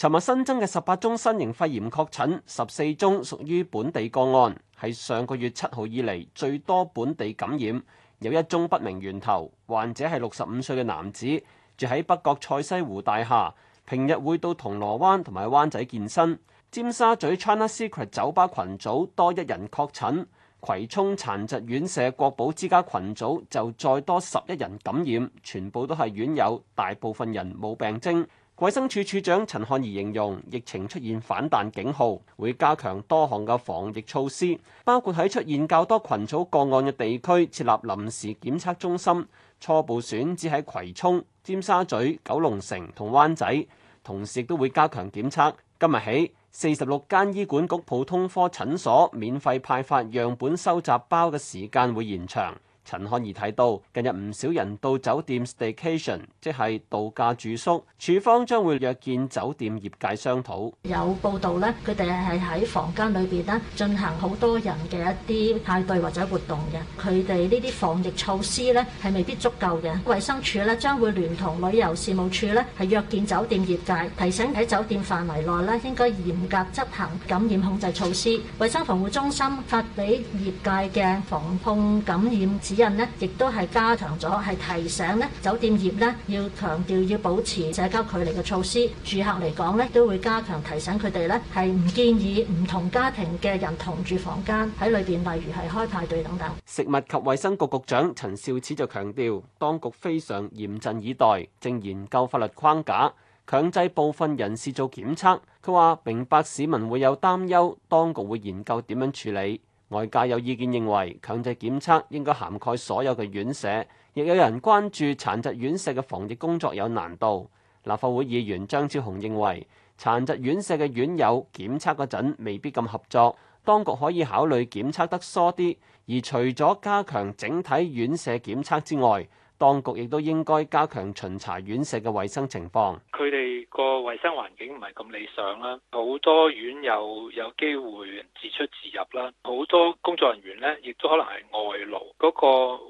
尋日新增嘅十八宗新型肺炎確診，十四宗屬於本地個案，係上個月七號以嚟最多本地感染，有一宗不明源頭。患者係六十五歲嘅男子，住喺北角賽西湖大廈，平日會到銅鑼灣同埋灣仔健身。尖沙咀 China Secret 酒吧群組多一人確診，葵涌殘疾院舍國寶之家群組就再多十一人感染，全部都係院友，大部分人冇病徵。衛生署署長陳漢儀形容疫情出現反彈警號，會加強多項嘅防疫措施，包括喺出現較多群組個案嘅地區設立臨時檢測中心，初步選址喺葵涌、尖沙咀、九龍城同灣仔，同時亦都會加強檢測。今日起，四十六間醫管局普通科診所免費派發樣本收集包嘅時間會延長。陳漢儀，提到近日唔少人到酒店 staycation，即係度假住宿，處方將會約見酒店業界商討人呢亦都係加強咗，係提醒呢酒店業呢要強調要保持社交距離嘅措施。住客嚟講呢都會加強提醒佢哋呢，係唔建議唔同家庭嘅人同住房間喺裏邊，例如係開派對等等。食物及衛生局局長陳肇始就強調當局非常嚴陣以待，正研究法律框架，強制部分人士做檢測，佢話明白市民會有擔憂，當局會研究點樣處理。外界有意見認為強制檢測應該涵蓋所有嘅院舍，亦有人關注殘疾院舍嘅防疫工作有難度。立法會議員張超雄認為，殘疾院舍嘅院友檢測嗰陣未必咁合作，當局可以考慮檢測得疏啲，而除咗加強整體院舍檢測之外，當局亦都應該加強巡查院舍嘅衛生情況。佢哋個衛生環境唔係咁理想啦，好多院友有機會自出自入啦，好多工作人員呢，亦都可能係外勞，嗰個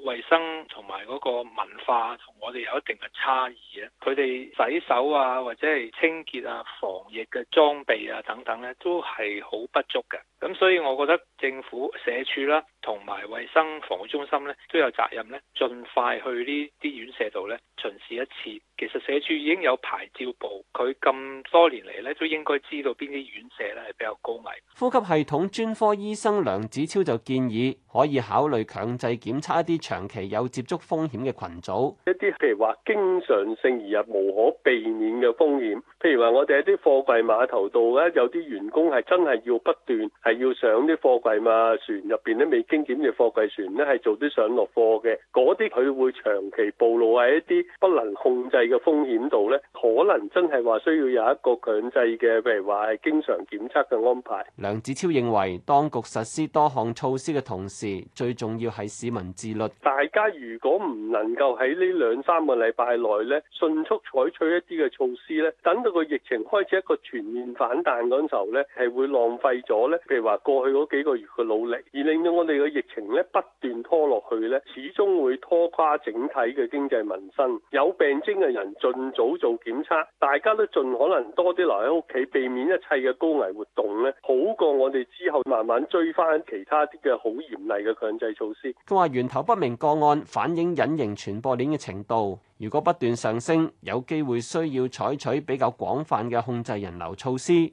衛生同埋嗰個文化同我哋有一定嘅差異咧。佢哋洗手啊，或者係清潔啊、防疫嘅裝備啊等等咧，都係好不足嘅。咁所以我覺得政府社署啦，同埋衛生防護中心咧都有責任咧，盡快去呢。啲啲院舍度咧。巡視一次，其實社署已經有牌照簿，佢咁多年嚟咧都應該知道邊啲院舍咧係比較高危。呼吸系統專科醫生梁子超就建議可以考慮強制檢測一啲長期有接觸風險嘅群組，一啲譬如話經常性而又無可避免嘅風險，譬如話我哋喺啲貨櫃碼頭度咧，有啲員工係真係要不斷係要上啲貨櫃嘛船入邊咧未經檢疫貨櫃船咧係做啲上落貨嘅，嗰啲佢會長期暴露喺一啲。不能控制嘅風險度咧，可能真係話需要有一個強制嘅，譬如話係經常檢測嘅安排。梁子超認為，當局實施多項措施嘅同時，最重要係市民自律。大家如果唔能夠喺呢兩三個禮拜內咧，迅速採取一啲嘅措施咧，等到個疫情開始一個全面反彈嗰陣時候咧，係會浪費咗咧，譬如話過去嗰幾個月嘅努力，而令到我哋嘅疫情咧不斷拖落去咧，始終會拖垮整體嘅經濟民生。有病徵嘅人盡早做檢測，大家都盡可能多啲留喺屋企，避免一切嘅高危活動咧，好過我哋之後慢慢追返其他啲嘅好嚴厲嘅強制措施。佢話：源頭不明個案反映隱形傳播鏈嘅程度，如果不斷上升，有機會需要採取比較廣泛嘅控制人流措施。